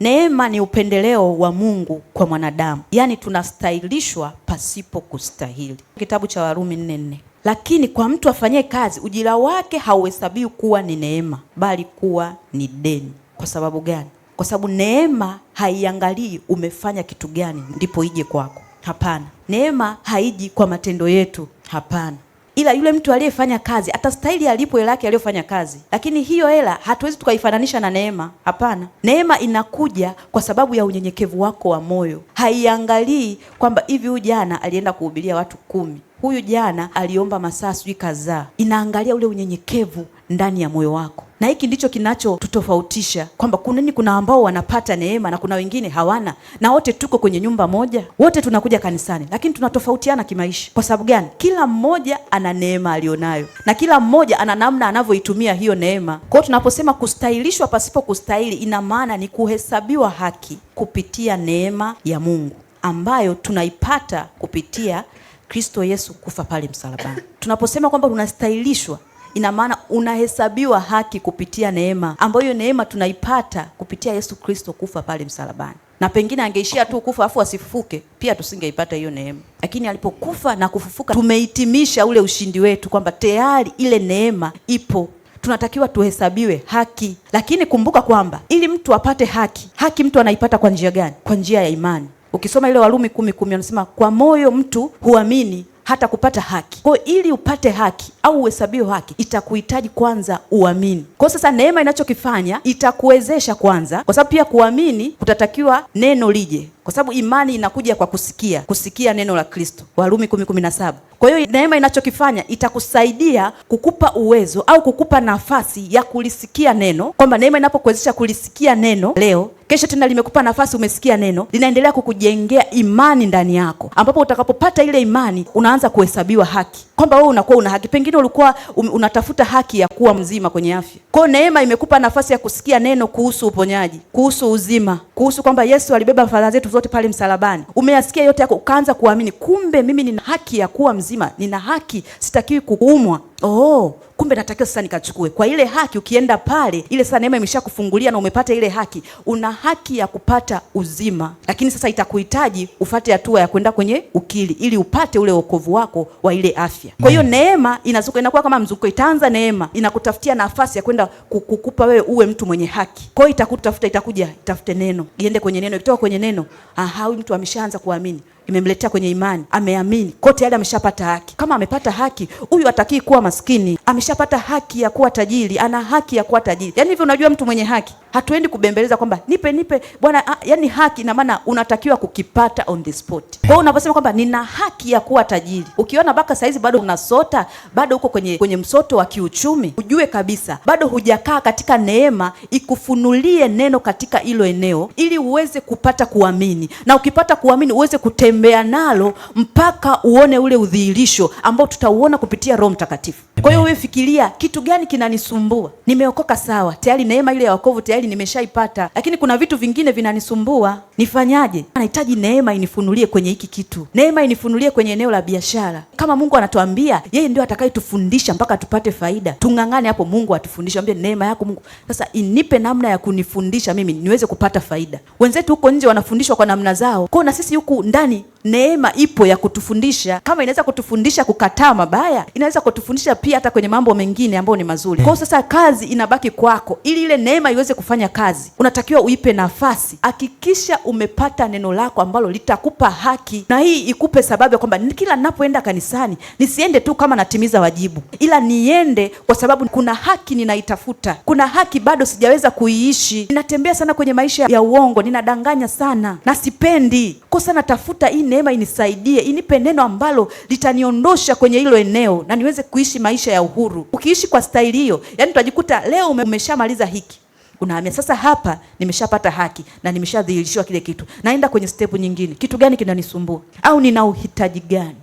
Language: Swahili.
Neema ni upendeleo wa Mungu kwa mwanadamu, yaani tunastahilishwa pasipo kustahili, kitabu cha Warumi 4:4. Lakini kwa mtu afanyie kazi, ujira wake hauhesabiwi kuwa ni neema, bali kuwa ni deni. Kwa sababu gani? Kwa sababu neema haiangalii umefanya kitu gani ndipo ije kwako. Hapana, neema haiji kwa matendo yetu. Hapana, ila yule mtu aliyefanya kazi atastahili alipo hela yake aliyofanya kazi, lakini hiyo hela hatuwezi tukaifananisha na neema. Hapana, neema inakuja kwa sababu ya unyenyekevu wako wa moyo. Haiangalii kwamba hivi huyu jana alienda kuhubiria watu kumi, huyu jana aliomba masaa sijui kadhaa. Inaangalia ule unyenyekevu ndani ya moyo wako na hiki ndicho kinachotutofautisha kwamba kunani, kuna ambao wanapata neema na kuna wengine hawana, na wote tuko kwenye nyumba moja, wote tunakuja kanisani, lakini tunatofautiana kimaisha. Kwa sababu gani? Kila mmoja ana neema aliyonayo na kila mmoja ana namna anavyoitumia hiyo neema. Kwa hiyo tunaposema kustahilishwa pasipo kustahili, ina maana ni kuhesabiwa haki kupitia neema ya Mungu ambayo tunaipata kupitia Kristo Yesu kufa pale msalabani. Tunaposema kwamba tunastahilishwa ina maana unahesabiwa haki kupitia neema, ambayo neema tunaipata kupitia Yesu Kristo kufa pale msalabani na pengine angeishia tu kufa afu asifufuke, pia tusingeipata hiyo neema. Lakini alipokufa na kufufuka, tumehitimisha ule ushindi wetu, kwamba tayari ile neema ipo, tunatakiwa tuhesabiwe haki. Lakini kumbuka kwamba ili mtu apate haki, haki mtu anaipata kwa njia gani? Kwa njia ya imani. Ukisoma ile Warumi kumi kumi, anasema kwa moyo mtu huamini hata kupata haki. Kwa ili upate haki au uhesabiwe haki, itakuhitaji kwanza uamini. Kwa sasa neema inachokifanya itakuwezesha kwanza, kwa sababu pia kuamini kutatakiwa neno lije kwa sababu imani inakuja kwa kusikia, kusikia neno la Kristo, Warumi 10:17. Kwa hiyo neema inachokifanya itakusaidia kukupa uwezo au kukupa nafasi ya kulisikia neno, kwamba neema inapokuwezesha kulisikia neno leo, kesho tena limekupa nafasi, umesikia neno, linaendelea kukujengea imani ndani yako, ambapo utakapopata ile imani unaanza kuhesabiwa haki kwamba wewe unakuwa una haki, pengine ulikuwa um, unatafuta haki ya kuwa mzima kwenye afya. Kwa neema imekupa nafasi ya kusikia neno kuhusu uponyaji, kuhusu uzima, kuhusu kwamba Yesu alibeba fadhaa zetu zote pale msalabani. Umeyasikia yote yako, ukaanza kuamini, kumbe mimi nina haki ya kuwa mzima, nina haki, sitakiwi kuumwa. Oh, kumbe natakiwa sasa nikachukue kwa ile haki. Ukienda pale, ile sasa neema imeshakufungulia na umepata ile haki, una haki ya kupata uzima, lakini sasa itakuhitaji ufate hatua ya kwenda kwenye ukili ili upate ule wokovu wako wa ile afya. Kwa hiyo mm. neema inazuka, inakuwa kama mzuko, itaanza neema inakutafutia nafasi ya kwenda kukupa wewe uwe mtu mwenye haki. Kwa hiyo itakutafuta, itakuja itafute neno, iende kwenye neno, ikitoka kwenye neno, aha, huyu mtu ameshaanza kuamini imemletea kwenye imani, ameamini kote yale, ameshapata haki. Kama amepata haki, huyu atakii kuwa maskini, ameshapata haki ya kuwa tajiri, ana haki ya kuwa tajiri. Yaani hivyo, unajua mtu mwenye haki hatuendi kubembeleza kwamba nipe nipe bwana. Ah, yani haki ina maana unatakiwa kukipata on the spot. Kwa hiyo unaposema kwamba nina haki ya kuwa tajiri, ukiona mpaka saizi bado unasota, bado uko kwenye kwenye msoto wa kiuchumi, ujue kabisa bado hujakaa katika neema ikufunulie neno katika hilo eneo, ili uweze kupata kuamini, na ukipata kuamini uweze kutembea nalo mpaka uone ule udhihirisho ambao tutauona kupitia Roho Mtakatifu. Kwa hiyo wewe fikiria, kitu gani kinanisumbua? Nimeokoka sawa, tayari neema ile ya wokovu tayari tayari nimeshaipata, lakini kuna vitu vingine vinanisumbua, nifanyaje? Nahitaji neema inifunulie kwenye hiki kitu, neema inifunulie kwenye eneo la biashara kama Mungu anatuambia yeye ndio atakayetufundisha mpaka tupate faida, tung'ang'ane hapo. Mungu atufundishe, ambie neema yako Mungu sasa inipe namna ya kunifundisha mimi niweze kupata faida. Wenzetu huko nje wanafundishwa kwa namna zao, kwao na sisi huku ndani neema ipo ya kutufundisha. Kama inaweza kutufundisha kukataa mabaya, inaweza kutufundisha pia hata kwenye mambo mengine ambayo ni mazuri. Kwa hiyo sasa kazi inabaki kwako, ili ile neema iweze kufanya kazi, unatakiwa uipe nafasi. Hakikisha umepata neno lako ambalo litakupa haki, na hii ikupe sababu ya kwamba kila ninapoenda kanisa kanisani nisiende tu kama natimiza wajibu, ila niende kwa sababu kuna haki ninaitafuta, kuna haki bado sijaweza kuiishi. Ninatembea sana kwenye maisha ya uongo, ninadanganya sana na sipendi kosa. Natafuta hii neema inisaidie, inipe neno ambalo litaniondosha kwenye hilo eneo na niweze kuishi maisha ya uhuru. Ukiishi kwa staili hiyo, yani utajikuta leo umeshamaliza hiki unahamia sasa, hapa nimeshapata haki na nimeshadhihirishiwa kile kitu, naenda kwenye stepu nyingine. Kitu gani kinanisumbua au nina uhitaji gani?